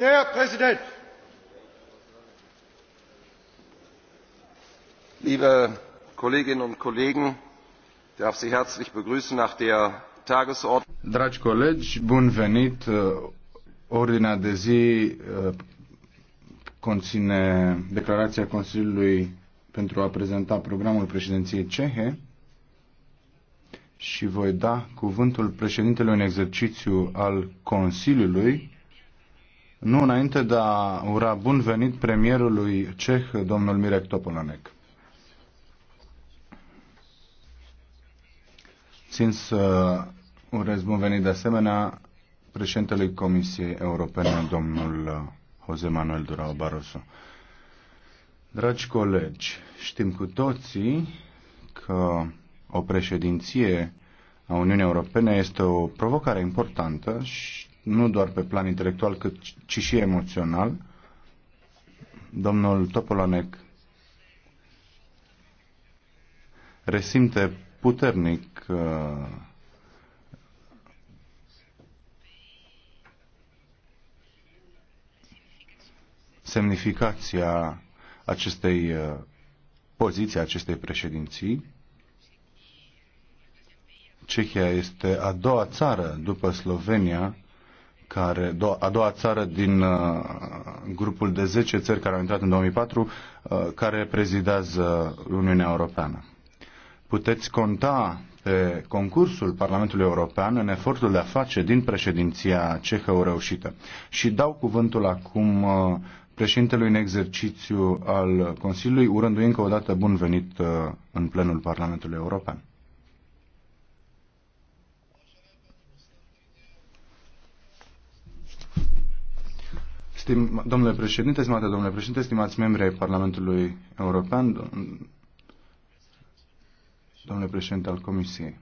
Der Präsident! Liebe Kolleginnen und Kollegen, ich darf Sie herzlich begrüßen nach der Tagesordnung. Dragi colegi, bun venit. Ordinea de zi eh, conține declarația Consiliului pentru a prezenta programul președinției cehe și voi da cuvântul președintelui în exercițiu al Consiliului, nu înainte de a ura bun venit premierului ceh, domnul Mirek Topolanek. Țin să urez bun venit de asemenea președintelui Comisiei Europene, domnul Jose Manuel Durao Barroso. Dragi colegi, știm cu toții că o președinție a Uniunii Europene este o provocare importantă și nu doar pe plan intelectual, cât, ci și emoțional. Domnul Topolanec resimte puternic uh, semnificația acestei uh, poziții, acestei președinții. Cehia este a doua țară după Slovenia care, a doua țară din uh, grupul de 10 țări care au intrat în 2004, uh, care prezidează Uniunea Europeană. Puteți conta pe concursul Parlamentului European în efortul de a face din președinția cehă o reușită. Și dau cuvântul acum uh, președintelui în exercițiu al Consiliului, urându-i încă o dată bun venit în plenul Parlamentului European. Stim, domnule președinte, stimate domnule președinte, stimați membri ai Parlamentului European, domnule președinte al Comisiei.